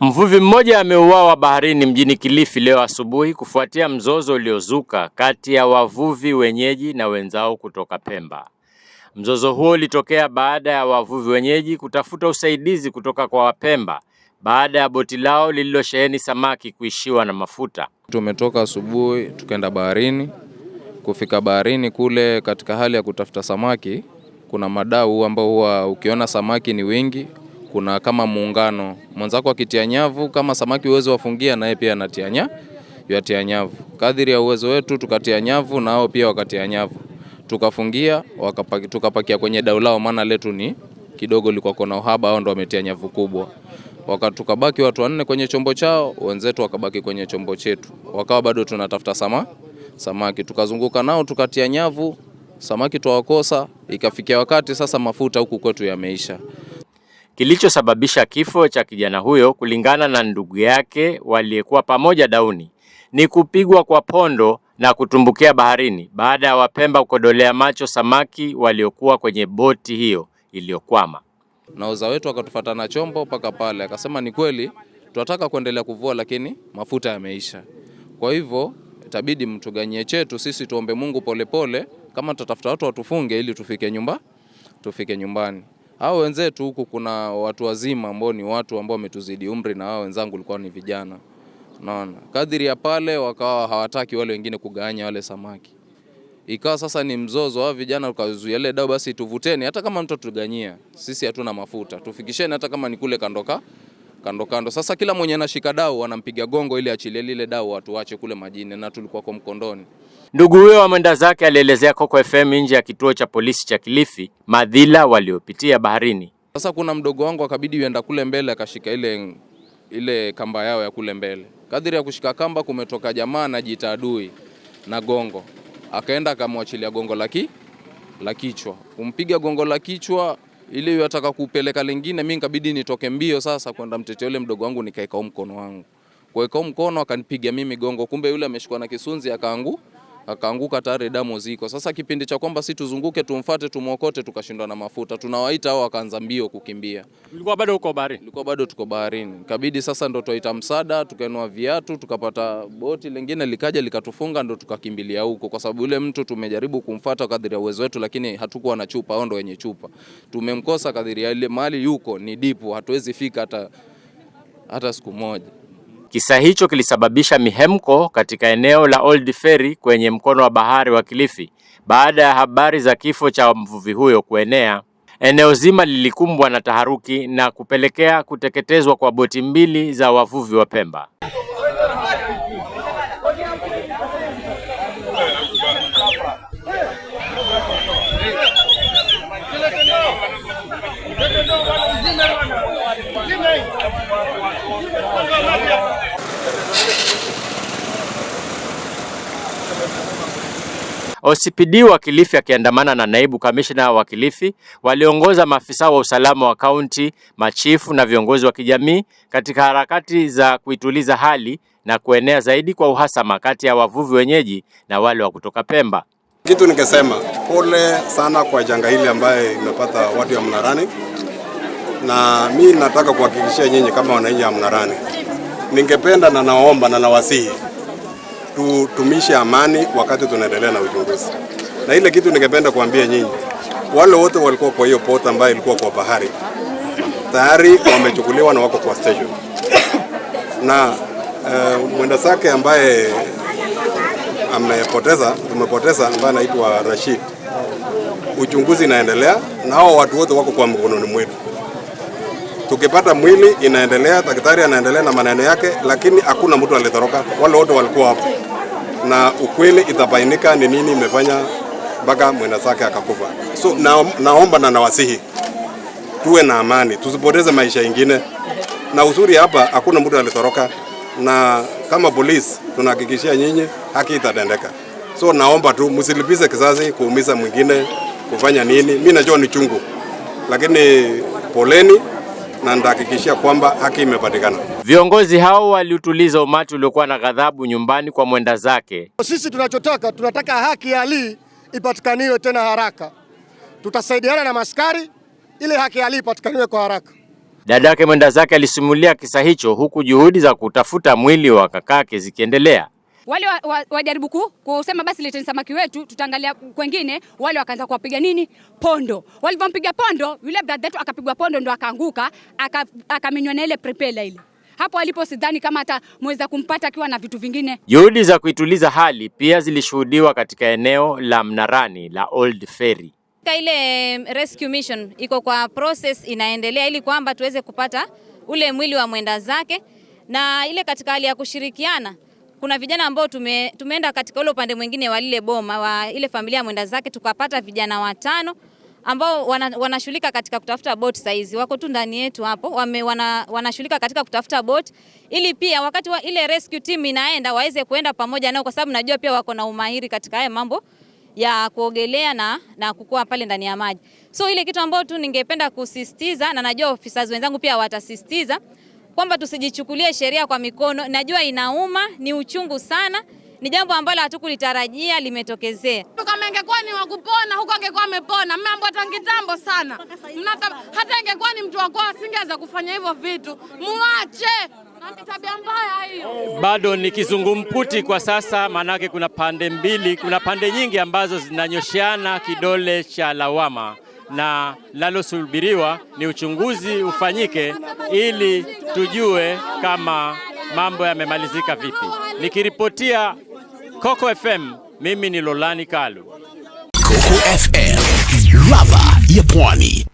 Mvuvi mmoja ameuawa baharini mjini Kilifi leo asubuhi kufuatia mzozo uliozuka kati ya wavuvi wenyeji na wenzao kutoka Pemba. Mzozo huo ulitokea baada ya wavuvi wenyeji kutafuta usaidizi kutoka kwa Wapemba baada ya boti lao lililosheheni samaki kuishiwa na mafuta. Tumetoka asubuhi tukaenda baharini. Kufika baharini kule, katika hali ya kutafuta samaki, kuna madau ambao huwa ukiona samaki ni wingi kuna kama muungano, mwenzako akitia nyavu, kama samaki uwezo wafungia, naye pia anatia nyavu, yatia nyavu, kadiri ya uwezo wetu tukatia nyavu, nao pia wakatia nyavu, tukafungia wakapaki, tukapakia kwenye dau lao, maana letu ni kidogo, liko kona uhaba, hao ndo wametia nyavu kubwa wakatukabaki watu wanne kwenye chombo chao, wenzetu wakabaki kwenye chombo chetu, wakawa bado tunatafuta sama, samaki. Tukazunguka nao tukatia nyavu, samaki twawakosa. Ikafikia wakati sasa mafuta huku kwetu yameisha. Kilichosababisha kifo cha kijana huyo kulingana na ndugu yake waliyekuwa pamoja Dauni ni kupigwa kwa pondo na kutumbukia baharini baada ya Wapemba kukodolea macho samaki waliokuwa kwenye boti hiyo iliyokwama. Na wetu akatufata na chombo mpaka pale, akasema ni kweli tunataka kuendelea kuvua, lakini mafuta yameisha, kwa hivyo itabidi mtuganyie chetu sisi, tuombe Mungu polepole pole, kama tutatafuta watu watufunge ili tufike nyumba tufike nyumbani. Hao wenzetu huku kuna watu wazima ambao ni watu ambao wametuzidi umri, na wao wenzangu walikuwa ni vijana. Unaona, kadiri ya pale wakawa hawataki wale wengine kugawanya wale samaki, ikawa sasa ni mzozo wa vijana, ukazuia ile dau, basi tuvuteni, hata kama mtu tuganyia sisi, hatuna mafuta, tufikisheni hata kama ni kule kandoka kando kando. Sasa kila mwenye anashika dau anampiga gongo ili achilie lile dau, watu wache kule majini, na tulikuwa kwa mkondoni. Ndugu huyo wa mwenda zake alielezea Coco FM nje ya kituo cha polisi cha Kilifi madhila waliopitia baharini. Sasa kuna mdogo wangu akabidi uenda kule mbele akashika ile, ile kamba yao ya kule mbele. Kadiri ya kushika kamba kumetoka jamaa anajiita adui na gongo, akaenda akamwachilia gongo laki la kichwa, kumpiga gongo la kichwa ili yataka kupeleka lingine, mimi nikabidi nitoke mbio sasa kwenda mtetea yule mdogo wangu, nikaeka mkono wangu kuweka mkono, akanipiga mimi gongo, kumbe yule ameshikwa na kisunzi akaangu akaanguka tayari damu ziko. Sasa kipindi cha kwamba si tuzunguke tumfuate tumwokote tukashindwa na mafuta, tunawaita hao wakaanza mbio kukimbia. Ulikuwa bado uko baharini? Ulikuwa bado tuko baharini, kabidi sasa ndo tuita msaada, tukainua viatu, tukapata boti lingine likaja likatufunga, ndo tukakimbilia huko, kwa sababu yule mtu tumejaribu kumfuata kadri ya uwezo wetu, lakini hatukuwa na chupa. Hao ndo wenye chupa, tumemkosa kadri ya ile mali yuko ni dipu, hatuwezi fika hata hata siku moja. Kisa hicho kilisababisha mihemko katika eneo la Old Ferry kwenye mkono wa bahari wa Kilifi baada ya habari za kifo cha mvuvi huyo kuenea. Eneo zima lilikumbwa na taharuki na kupelekea kuteketezwa kwa boti mbili za wavuvi wa Pemba. OCPD wa Kilifi akiandamana na naibu kamishna wa Kilifi waliongoza maafisa wa usalama wa kaunti, machifu na viongozi wa kijamii katika harakati za kuituliza hali na kuenea zaidi kwa uhasama kati ya wavuvi wenyeji na wale wa kutoka Pemba. Kitu nikesema pole sana kwa janga hili ambaye imepata watu ya Mnarani, na mi nataka kuhakikishia nyinyi kama wananchi wa Mnarani, ningependa na naomba na nawasihi tutumishe amani wakati tunaendelea na uchunguzi. Na ile kitu ningependa kuambia nyinyi, wale wote walikuwa kwa hiyo pota ambayo ilikuwa kwa bahari tayari wamechukuliwa na wako kwa station na uh, mwenda sake ambaye amepoteza tumepoteza ambaye anaitwa Rashid, uchunguzi inaendelea na hao watu wote wako kwa mkononi mwetu. Tukipata mwili inaendelea, daktari anaendelea na maneno yake, lakini hakuna mtu alitoroka, wale wote walikuwa hapo na ukweli itabainika ni nini imefanya mpaka mwenzake akakufa. So na, naomba na nawasihi tuwe na amani, tusipoteze maisha ingine. Na uzuri hapa hakuna mtu alitoroka, na kama polisi tunahakikishia nyinyi haki itatendeka. So naomba tu msilipize kisasi kuumiza mwingine kufanya nini. Mimi najua ni chungu, lakini poleni na nitahakikishia kwamba haki imepatikana. Viongozi hao waliutuliza umati uliokuwa na ghadhabu nyumbani kwa mwenda zake. Sisi tunachotaka tunataka haki ya Ali ipatikaniwe tena haraka, tutasaidiana na maskari ili haki ya Ali ipatikaniwe kwa haraka. Dada mwenda zake alisimulia kisa hicho, huku juhudi za kutafuta mwili wa kakake zikiendelea wale wajaribu wa, wa kusema basi leteni samaki wetu tutaangalia kwengine. Wale wakaanza kuwapiga nini pondo. Walivyompiga pondo, yule brother wetu akapigwa pondo, ndo akaanguka akaminywa na ile prepela ile hapo alipo, sidhani kama atamweza kumpata akiwa na vitu vingine. Juhudi za kuituliza hali pia zilishuhudiwa katika eneo la Mnarani la Old Ferry. Ile rescue mission iko kwa process inaendelea, ili kwamba tuweze kupata ule mwili wa mwenda zake, na ile katika hali ya kushirikiana kuna vijana ambao tume, tumeenda katika ule upande mwingine wa lile boma wa ile familia mwenda zake, tukapata vijana watano ambao wanashughulika katika kutafuta boti. Saizi wako tu ndani yetu hapo, wanashughulika katika kutafuta boti ili pia wakati wa ile rescue team inaenda waweze kuenda pamoja nao, kwa sababu najua pia wako na umahiri katika haya mambo ya kuogelea na, na kukua pale ndani ya maji. So ile kitu ambayo tu ningependa kusisitiza na najua ofisa wenzangu pia watasisitiza kwamba tusijichukulie sheria kwa mikono. Najua inauma, ni uchungu sana, ni jambo ambalo hatukulitarajia limetokezea. Kama ingekuwa ni wakupona huko angekuwa amepona, mambo tangitambo sana Mnata, hata ingekuwa ni mtu wakwao asingeweza kufanya hivyo vitu, muache tabia mbaya hiyo. Bado ni kizungumkuti kwa sasa, maanake kuna pande mbili, kuna pande nyingi ambazo zinanyosheana kidole cha lawama na linalosubiriwa ni uchunguzi ufanyike ili tujue kama mambo yamemalizika vipi. Nikiripotia Coco FM, mimi ni Lolani Kalu. Coco FM, ladha ya Pwani.